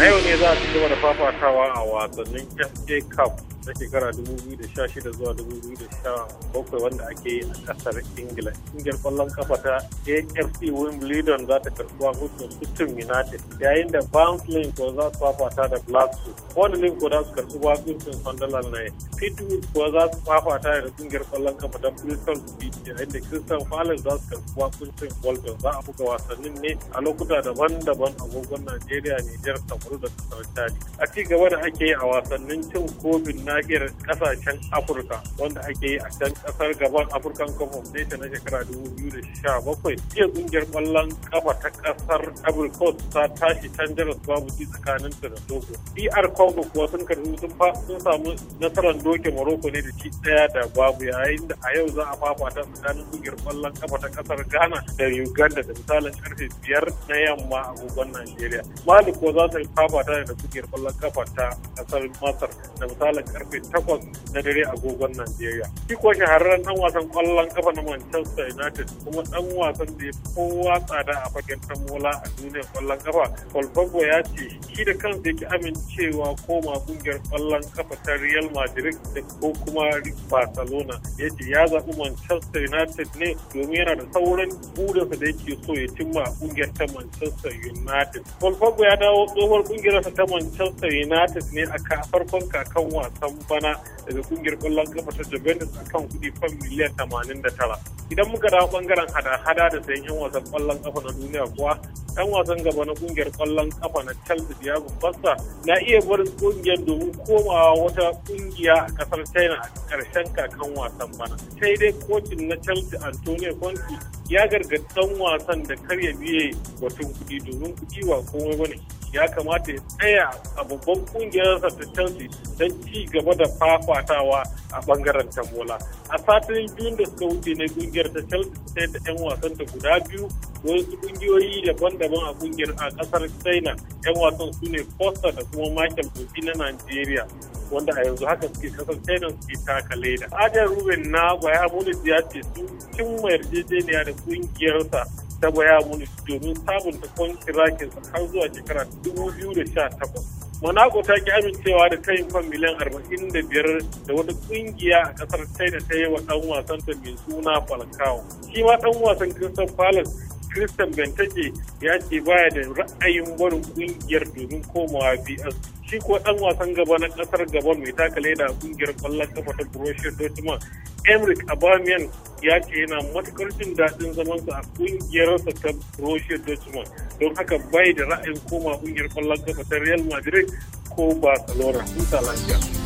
a yau ne za a ci gaba da fafatawa a wasannin FA Cup na shekara 2016 zuwa 2017 wanda ake yi a kasar ingila ingiyar kwallon kafa ta afc wimbledon za ta karbi a houston united yayin da link ko za su fafata da blackpool wani link ko za su karbi wakokin sunderland na pitwood ko za su fafata da kungiyar kwallon kafa ta bristol city yayin da crystal palace za su karbi wakokin bolton za a buga wasannin ne a lokuta daban-daban agogon najeriya nijar samaru da kasar chadi a ci gaba da ake yi a wasannin cin kofin nahiyar kasashen afirka wanda ake yi a can kasar gaban african cup of nation na shekara 2017 jiya kungiyar kwallon kafa ta kasar ivory ta tashi can jaras babu ci tsakanin ta da togo dr congo kuwa sun karbi sun sun samu nasarar doke morocco ne da ci daya da babu yayin da a yau za a fafata tsakanin kungiyar kwallon kafa ta kasar ghana da uganda da misalin karfe biyar na yamma a gogon najeriya mali kuwa za ta fafata da kungiyar kwallon kafa ta kasar masar da misalin karfe takwas na dare agogon Najeriya. Shi ko shahararren ɗan wasan kwallon kafa na Manchester United kuma ɗan wasan da ya kowa tsada a fagen tamola a duniyar kwallon kafa Paul Pogba ya ce shi da kansa yake amincewa ko ma kungiyar kwallon kafa ta Real Madrid da ko kuma Barcelona. Ya ce ya zaɓi Manchester United ne domin yana da sauran burinsa da yake so ya cimma kungiyar ta Manchester United. Paul Pogba ya dawo tsohuwar kungiyarsa ta Manchester United ne a farkon kakan wasan samu bana daga kungiyar kwallon kafa ta Juventus a kan kudi fan miliyan 89. Idan muka dawo bangaren hada-hada da sayan 'yan wasan kwallon kafa na duniya kuwa, 'yan wasan gaba na kungiyar kwallon kafa na Chelsea Diego Costa na iya barin kungiyar domin komawa wata kungiya a kasar China a karshen kakan wasan bana. Sai dai kocin na Chelsea Antonio Conte ya gargaɗi ɗan wasan da karya biye batun kuɗi domin kuɗi wa komai bane. ya kamata ya tsaya a babban kungiyarsa ta Chelsea don ci gaba da fafatawa a bangaren bola A satin biyun da suka wuce ne kungiyar ta Chelsea sai da 'yan wasanta guda biyu wasu kungiyoyi daban-daban a kungiyar a kasar China 'yan wasan su ne Foster da kuma Michael bufi na Nigeria. wanda a yanzu haka suke kasar China suke taka leda. Adar Ruben na ya bude ya ce sun cimma yarjejeniya da kungiyarsa ta baya muni domin sabunta kwantirakin har zuwa shekara dubu biyu da sha takwas. monaco ta ki amincewa da kayan kwan miliyan arba'in da biyar da wata kungiya a kasar china ta yi wa ɗan wasan ta mai suna falcao shi ma ɗan wasan crystal palace christian benteke ya ce baya da ra'ayin barin kungiyar domin komawa bs shi ko dan wasan gaba na kasar gabon mai taka leda kungiyar kwallon kafa ta borussia dortmund emric abamian ya ce yana matukar jin daɗin zamansa a sa ta borussia dortmund don haka bai da ra'ayin koma kungiyar kwallon kafa ta real madrid ko barcelona huta lafiya